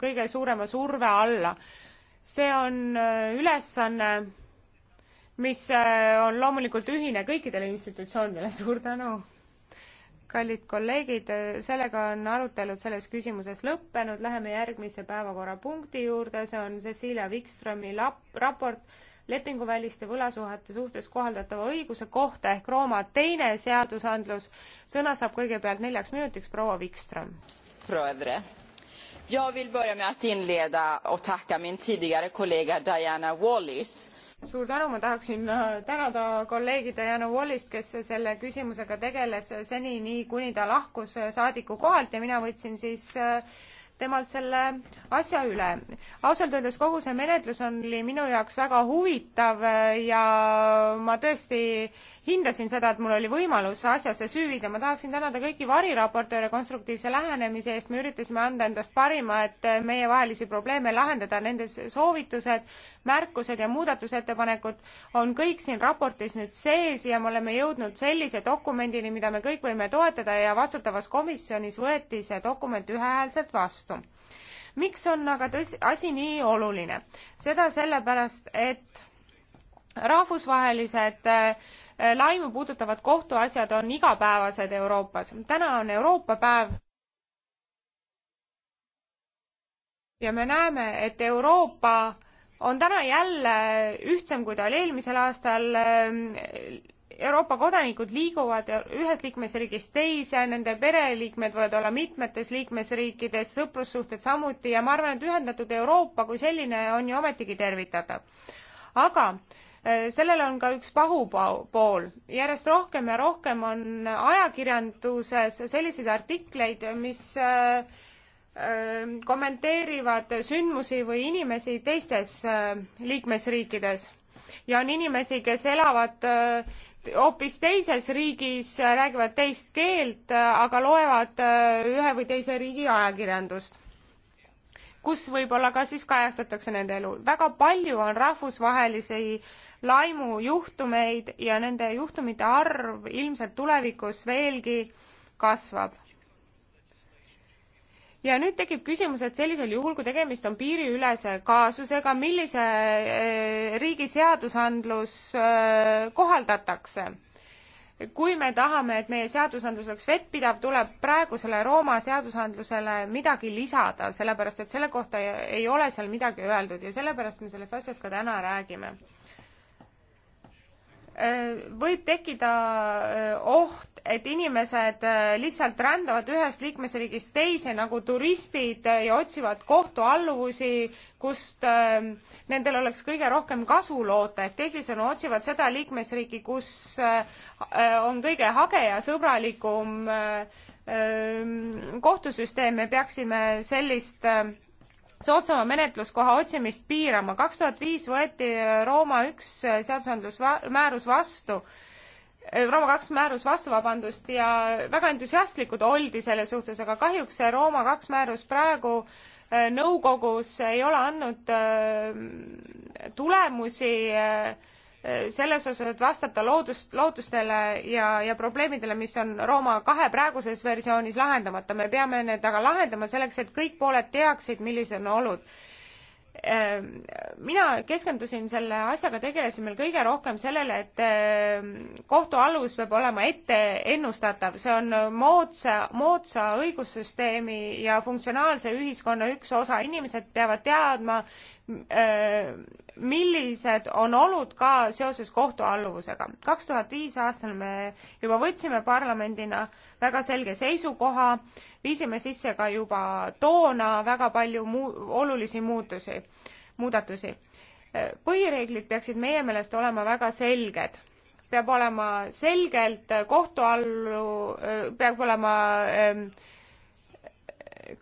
kõige suurema surve alla. see on äh, ülesanne, mis äh, on loomulikult ühine kõikidele institutsioonidele, suur tänu! kallid kolleegid, äh, sellega on arutelud selles küsimuses lõppenud, läheme järgmise päevakorrapunkti juurde, see on Cecilia Wikströmi lap-, raport lepinguväliste võlasuhete suhtes kohaldatava õiguse kohta ehk Rooma teine seadusandlus. sõna saab kõigepealt neljaks minutiks proua Wikström. proua Edre Jag vill börja med att inleda och tacka min tidigare kollega Diana Wallis. suur tänu, ma tahaksin äh, tänada kolleegi Diana Wallist, kes selle küsimusega tegeles seni, nii kuni ta lahkus äh, saadiku kohalt ja mina võtsin siis äh, temalt selle asja üle. ausalt öeldes kogu see menetlus oli minu jaoks väga huvitav äh, ja ma tõesti hindasin seda, et mul oli võimalus asjasse süüvida. ma tahaksin tänada kõiki variraportööre konstruktiivse lähenemise eest, me üritasime anda endast parima, et äh, meievahelisi probleeme lahendada. Nende soovitused, märkused ja muudatusettepanekud on kõik siin raportis nüüd sees ja me oleme jõudnud sellise dokumendini, mida me kõik võime toetada ja vastutavas komisjonis võeti see dokument ühehäälselt vastu vastu. miks on aga tõsi, asi nii oluline? seda sellepärast, et rahvusvahelised äh, laimu puudutavad kohtuasjad on igapäevased Euroopas. täna on Euroopa päev. ja me näeme, et Euroopa on täna jälle ühtsem, kui ta oli eelmisel aastal äh, Euroopa kodanikud liiguvad ühest liikmesriigist teise, nende pereliikmed võivad olla mitmetes liikmesriikides, sõprussuhted samuti ja ma arvan, et ühendatud Euroopa kui selline on ju ometigi tervitatav. aga äh, sellel on ka üks pahupool. järjest rohkem ja rohkem on ajakirjanduses selliseid artikleid, mis äh, äh, kommenteerivad sündmusi või inimesi teistes liikmesriikides ja on inimesi, kes elavad äh, hoopis teises riigis, äh, räägivad teist keelt, äh, aga loevad ühe või teise riigi ajakirjandust kus võib-olla ka siis kajastatakse nende elu. väga palju on rahvusvahelisi laimujuhtumeid ja nende juhtumite arv ilmselt tulevikus veelgi kasvab ja nüüd tekib küsimus, et sellisel juhul, kui tegemist on piiriülese kaasusega, millise äh, riigi seadusandlus äh, kohaldatakse? kui me tahame, et meie seadusandlus oleks vettpidav, tuleb praegusele Rooma seadusandlusele midagi lisada, sellepärast et selle kohta ei ole seal midagi öeldud ja sellepärast me sellest asjast ka täna räägime võib tekkida äh, oht, et inimesed äh, lihtsalt rändavad ühest liikmesriigist teise nagu turistid äh, ja otsivad kohtualluvusi, kust nendel oleks kõige rohkem kasu loota, et teisisõnu otsivad seda liikmesriiki, kus on kõige hagejasõbralikum kohtusüsteem, me peaksime sellist soodsama menetluskoha otsimist piirama. kaks tuhat viis võeti Rooma üks seadusandlus, määrus vastu, Rooma kaks määrus vastu, vabandust, ja väga entusiastlikud oldi selle suhtes, aga kahjuks see Rooma kaks määrus praegu äh, nõukogus ei ole andnud äh, tulemusi äh, selles osas, et vastata loodust, lootustele ja, ja probleemidele, mis on Rooma kahe praeguses versioonis lahendamata. me peame need aga lahendama selleks, et kõik pooled teaksid, millised on olud. Ehm, mina keskendusin selle asjaga, tegelesin meil kõige rohkem sellele, et ehm, kohtu alus peab olema ette ennustatav, see on moodsa, moodsa õigussüsteemi ja funktsionaalse ühiskonna üks osa. inimesed peavad teadma öö, millised on olud ka seoses kohtualluvusega. kaks tuhat viis aastal me juba võtsime parlamendina väga selge seisukoha, viisime sisse ka juba toona väga palju muu-, olulisi muutusi, muudatusi. põhireeglid peaksid meie meelest olema väga selged peab olema selgelt kohtu all, peab olema ähm,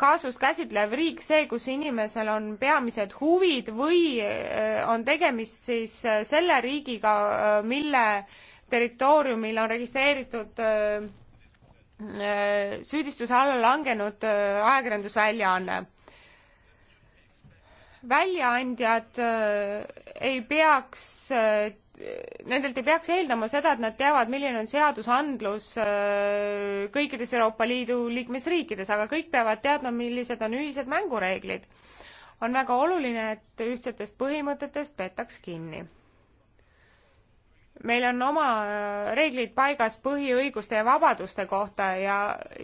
kaasust käsitlev riik see, kus inimesel on peamised huvid või äh, on tegemist siis äh, selle riigiga, äh, mille territooriumil on registreeritud süüdistuse alla langenud ajakirjandusväljaanne. väljaandjad ei peaks nendelt ei peaks eeldama seda, et nad teavad, milline on seadusandlus äh, kõikides Euroopa Liidu liikmesriikides, aga kõik peavad teadma, millised on ühised mängureeglid. on väga oluline, et ühtsetest põhimõtetest peetaks kinni. meil on oma äh, reeglid paigas põhiõiguste ja vabaduste kohta ja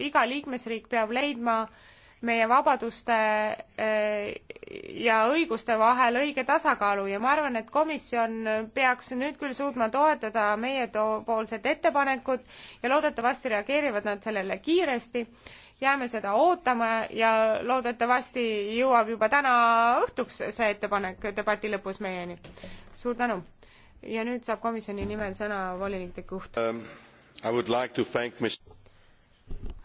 iga liikmesriik peab leidma äh, meie vabaduste eh, ja õiguste vahel õige tasakaalu ja ma arvan, et komisjon peaks nüüd küll suutma toetada meie poolset ettepanekut ja loodetavasti reageerivad nad sellele kiiresti. jääme seda ootama ja loodetavasti jõuab juba täna õhtuks see ettepanek debati lõpus meieni. suur tänu! ja nüüd saab komisjoni nimel sõna volinik de Gucht um,. Like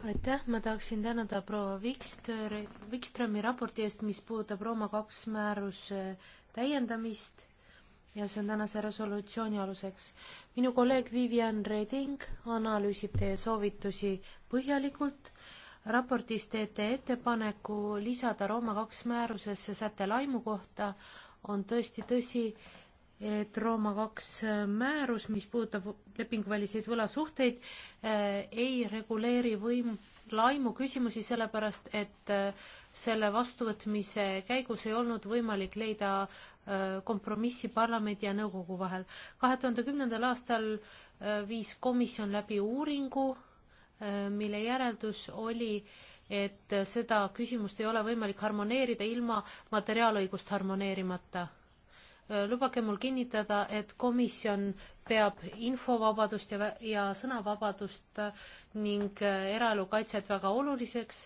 aitäh, ma tahaksin tänada proua Vikster, Vikströmi raporti eest, mis puudutab Rooma kaks määruse täiendamist ja see on tänase resolutsiooni aluseks. minu kolleeg Vivian Reding analüüsib teie soovitusi põhjalikult. raportis teete ettepaneku lisada Rooma kaks määrusesse säte laimu kohta. on tõesti tõsi, et Rooma kaks äh, määrus, mis puudutab lepinguväliseid võlasuhteid, äh, ei reguleeri võim-, laimu küsimusi, sellepärast et äh, selle vastuvõtmise käigus ei olnud võimalik leida kompromissi parlamendi ja nõukogu vahel. kahe tuhande kümnendal aastal viis komisjon läbi uuringu, mille järeldus oli, et seda küsimust ei ole võimalik harmoneerida ilma materiaalõigust harmoneerimata Äh, lubage mul kinnitada, et komisjon peab infovabadust ja, ja sõnavabadust äh, ning äh, eraelu kaitset väga oluliseks.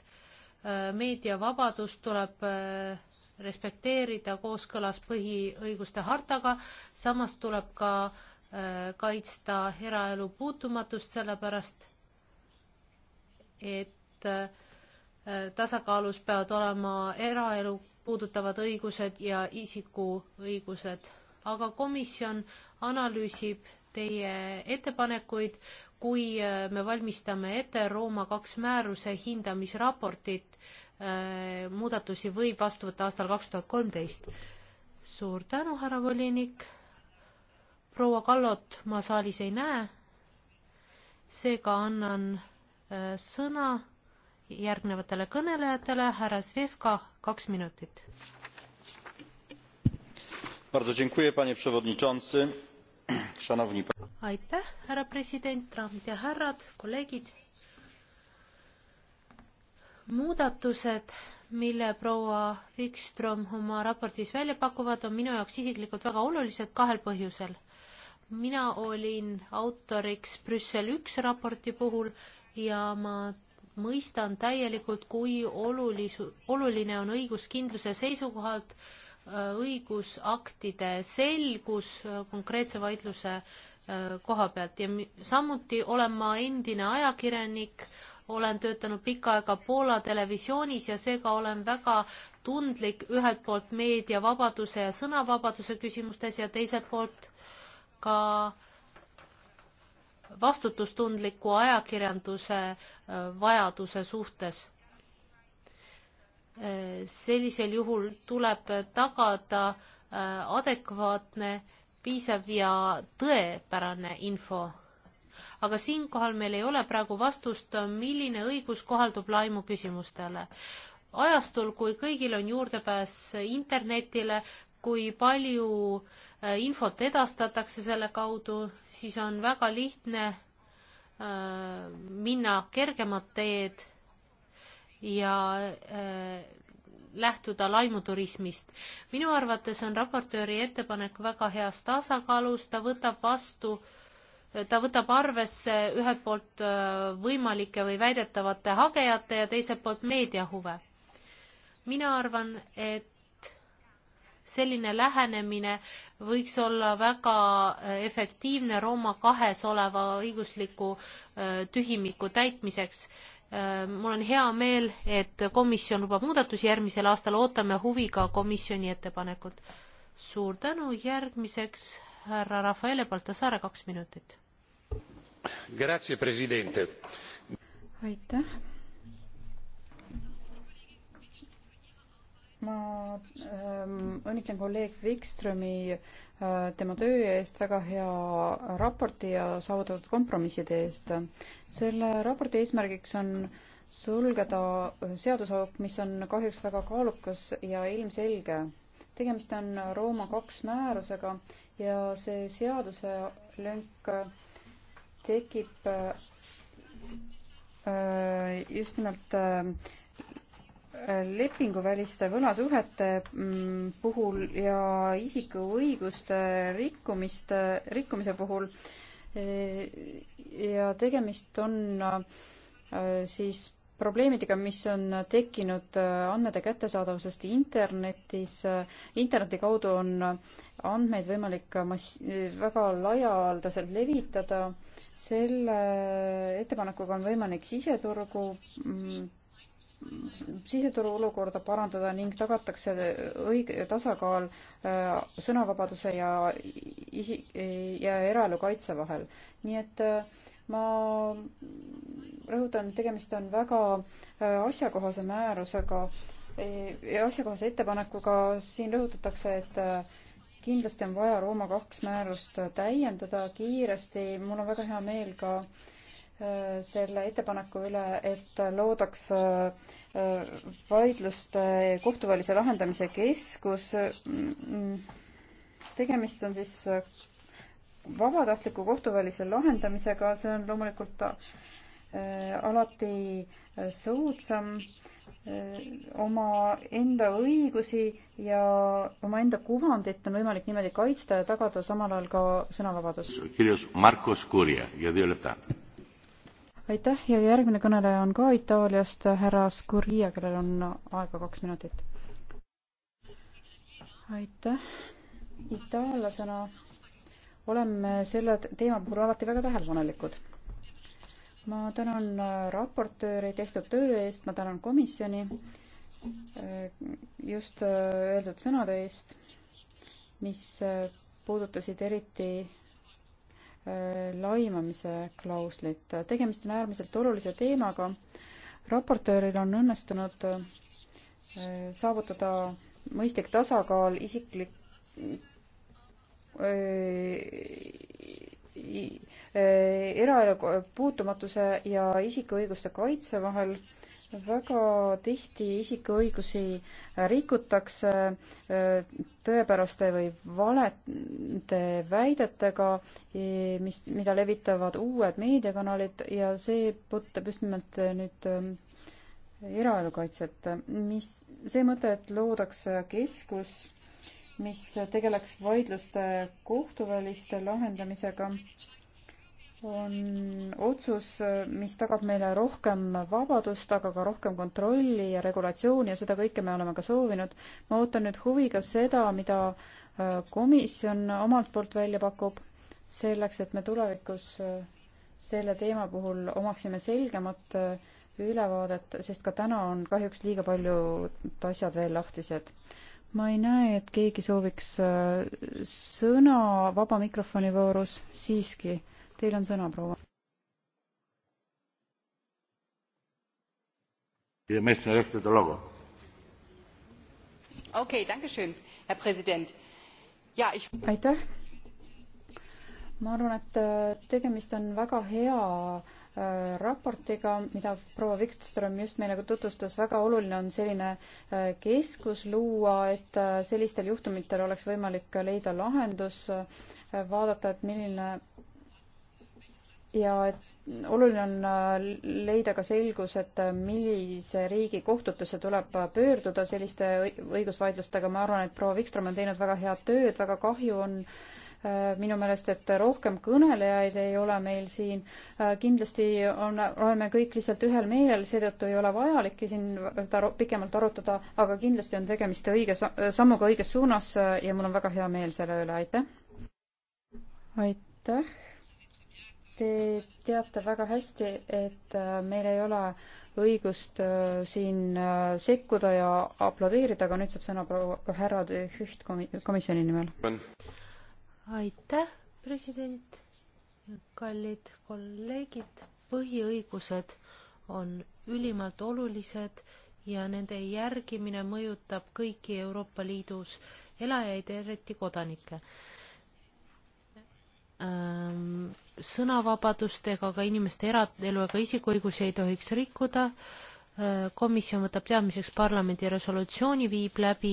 meediavabadust tuleb respekteerida kooskõlas põhiõiguste hartaga, samas tuleb ka kaitsta eraelu puutumatust, sellepärast et tasakaalus peavad olema eraelu puudutavad õigused ja isiku õigused. aga komisjon analüüsib teie ettepanekuid, kui äh, me valmistame ette Rooma kaks määruse hindamisraportit, äh, muudatusi võib vastu võtta aastal kaks tuhat kolmteist. suur tänu, härra volinik. proua Kallot ma saalis ei näe. seega annan äh, sõna järgnevatele kõnelejatele, härra Svevka, kaks minutit. aitäh, härra president, daamid ja härrad, kolleegid. muudatused, mille proua Wikström oma raportis välja pakuvad, on minu jaoks isiklikult väga olulised kahel põhjusel. mina olin autoriks Brüssel üks raporti puhul ja ma mõistan täielikult, kui olulisu, oluline on õiguskindluse seisukohalt äh, õigusaktide selgus äh, konkreetse vaidluse äh, koha pealt ja samuti olen ma endine ajakirjanik, olen töötanud pikka aega Poola televisioonis ja seega olen väga tundlik ühelt poolt meediavabaduse ja sõnavabaduse küsimustes ja teiselt poolt ka äh, vastutustundliku ajakirjanduse äh, vajaduse suhtes. Äh, sellisel juhul tuleb tagada äh, adekvaatne, piisav ja tõepärane info. aga siinkohal meil ei ole praegu vastust, milline õigus kohaldub laimu küsimustele ajastul, kui kõigil on juurdepääs internetile, kui palju äh, infot edastatakse selle kaudu, siis on väga lihtne äh, minna kergemat teed ja äh, lähtuda laimuturismist. minu arvates on raportööri ettepanek väga heas tasakaalus, ta võtab vastu ta võtab arvesse ühelt poolt äh, võimalike või väidetavate hagejate ja teiselt poolt meedia huve. mina arvan, et selline lähenemine võiks olla väga äh, efektiivne Rooma kahes oleva õigusliku äh, tühimiku täitmiseks. Äh, mul on hea meel, et komisjon lubab muudatusi järgmisel aastal, ootame huviga komisjoni ettepanekut. suur tänu, järgmiseks härra Rafaele Baltasaare, kaks minutit. aitäh ma ähm, õnnitlen kolleeg Wikströmi äh, tema töö eest, väga hea raporti ja saavutatud kompromisside eest. selle raporti eesmärgiks on sulgeda seadusauk, mis on kahjuks väga kaalukas ja ilmselge. tegemist on Rooma kaks määrusega ja see seaduselünk tekib äh, just nimelt äh, lepinguväliste võlasuhete mm, puhul ja isiku õiguste rikkumiste, rikkumise puhul e, ja tegemist on e, siis probleemidega, mis on tekkinud e, andmete kättesaadavusest internetis. interneti kaudu on andmeid võimalik mass-, väga laialdaselt levitada. selle ettepanekuga on võimalik siseturgu mm, siseturu olukorda parandada ning tagatakse õige tasakaal äh, sõnavabaduse ja isi- ja eraelu kaitse vahel. nii et äh, ma rõhutan, et tegemist on väga äh, asjakohase määrusega e, ja asjakohase ettepanekuga, siin rõhutatakse, et kindlasti on vaja Rooma kaks määrust täiendada kiiresti, mul on väga hea meel ka äh, selle ettepaneku üle, et loodaks äh, vaidluste äh, kohtuvälise lahendamise keskus. tegemist on siis äh, vabatahtliku kohtuvälise lahendamisega, see on loomulikult alati soodsam omaenda õigusi ja omaenda kuvandit on võimalik niimoodi kaitsta ja tagada samal ajal ka sõnavabadus. kirjas Markus Kurje ja Violeta aitäh ja järgmine kõneleja on ka Itaaliast, härra Scuria, kellel on aega kaks minutit. aitäh. itaallasena oleme selle teema puhul alati väga tähelepanelikud. ma tänan raportööri tehtud töö eest, ma tänan komisjoni just öeldud sõnade eest, mis puudutasid eriti Äh, laimamise klauslit. tegemist on äärmiselt olulise teemaga. raportööril on õnnestunud äh, saavutada mõistlik tasakaal isiklik äh, eraelu puutumatuse ja isikuõiguste kaitse vahel väga tihti isikuõigusi rikutakse äh, tõepäraste või valete väidetega, eh, mis, mida levitavad uued meediakanalid ja see puudutab just nimelt äh, nüüd äh, eraelukaitset, mis, see mõte, et loodakse keskus, mis tegeleks vaidluste kohtuväliste lahendamisega, on otsus, mis tagab meile rohkem vabadust, aga ka rohkem kontrolli ja regulatsiooni ja seda kõike me oleme ka soovinud. ma ootan nüüd huviga seda, mida äh, komisjon omalt poolt välja pakub, selleks et me tulevikus äh, selle teema puhul omaksime selgemat äh, ülevaadet, sest ka täna on kahjuks liiga paljud asjad veel lahtised. ma ei näe, et keegi sooviks sõna vaba mikrofoni voorus siiski Teil on sõna, proua. Okay, ja, ich... aitäh. ma arvan, et äh, tegemist on väga hea äh, raportiga, mida proua Vikström just meile tutvustas, väga oluline on selline äh, keskus luua, et sellistel juhtumitel oleks võimalik leida lahendus, vaadata, et milline ja et oluline on äh, leida ka selgus, et äh, millise riigi kohtutesse tuleb äh, pöörduda selliste õigusvaidlustega, ma arvan, et proua Vikström on teinud väga head tööd, väga kahju on minu meelest, et rohkem kõnelejaid ei ole meil siin. kindlasti on, oleme kõik lihtsalt ühel meelel, seetõttu ei ole vajaliki siin seda pikemalt arutada, aga kindlasti on tegemist õige sammuga õiges suunas ja mul on väga hea meel selle üle, aitäh! aitäh! Te teate väga hästi, et äh, meil ei ole õigust äh, siin äh, sekkuda ja aplodeerida, aga nüüd saab sõna proua härra De Hüht komisjoni nimel. aitäh, president, kallid kolleegid, põhiõigused on ülimalt olulised ja nende järgimine mõjutab kõiki Euroopa Liidus elajaid, eriti kodanikke Ähm, sõnavabadust ega ka inimeste eraelu ega isikuõigusi ei tohiks rikkuda. Äh, komisjon võtab teadmiseks parlamendi resolutsiooni, viib läbi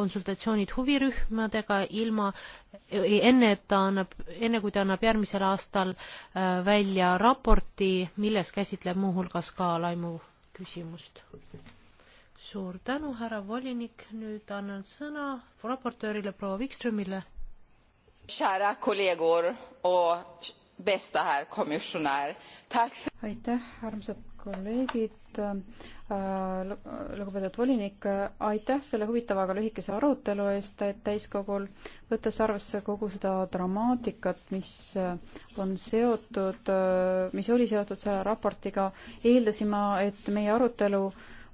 konsultatsioonid huvirühmadega ilma, enne et ta annab, enne kui ta annab järgmisel aastal äh, välja raporti, milles käsitleb muuhulgas ka laimu küsimust. suur tänu, härra volinik, nüüd annan sõna raportöörile proua Vikströmile aitäh, armsad kolleegid, äh, lugupeetud volinik, aitäh selle huvitava, aga lühikese arutelu eest täiskogul, võttes arvesse kogu seda dramaatikat, mis äh, on seotud, äh, mis oli seotud selle raportiga, eeldasin ma, et meie arutelu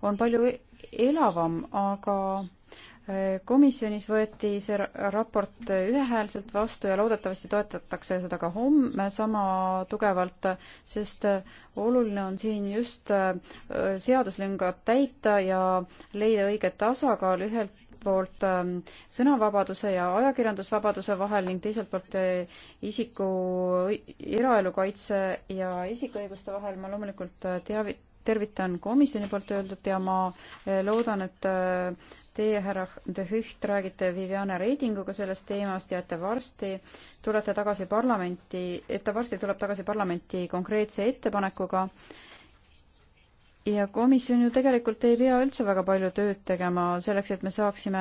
on palju e-, elavam, aga komisjonis võeti see raport ühehäälselt vastu ja loodetavasti toetatakse seda ka homme sama tugevalt, sest oluline on siin just äh, seaduslüngad täita ja leida õige tasakaal ühelt poolt ähm, sõnavabaduse ja ajakirjandusvabaduse vahel ning teiselt poolt äh, isiku eraelu kaitse ja isikuõiguste vahel ma loomulikult äh, teavit-, tervitan komisjoni poolt öeldut ja ma eh, loodan, et eh, teie, härra De Hüht, räägite Viviane Reidinguga sellest teemast ja et te varsti tulete tagasi parlamenti, et ta varsti tuleb tagasi parlamenti konkreetse ettepanekuga. ja komisjon ju tegelikult ei pea üldse väga palju tööd tegema selleks, et me saaksime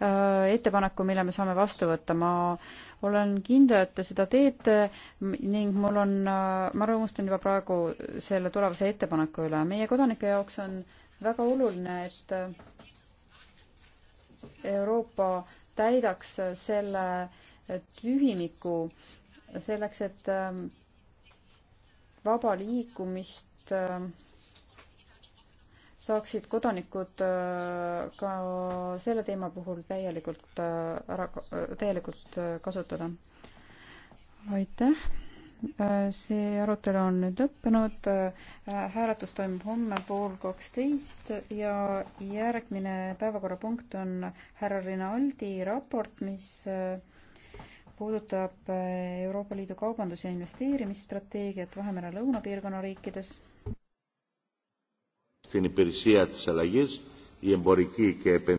eh, ettepaneku, mille me saame vastu võtta. ma äh, olen kindel, et te seda teete ning mul on, ma rõõmustan juba praegu selle tulevase ettepaneku üle. meie kodanike jaoks on väga oluline, et Euroopa täidaks selle tühimiku selleks, et ähm, vaba liikumist ähm, saaksid kodanikud äh, ka selle teema puhul täielikult äh, ära, äh, täielikult kasutada. aitäh! see arutelu on nüüd lõppenud, hääletus toimub homme pool kaksteist ja järgmine päevakorrapunkt on härra Rinaldi raport, mis puudutab Euroopa Liidu kaubandus- ja investeerimisstrateegiat Vahemere lõunapiirkonna riikides στην υπηρεσία της αλλαγής, η εμπορική και επενδυτική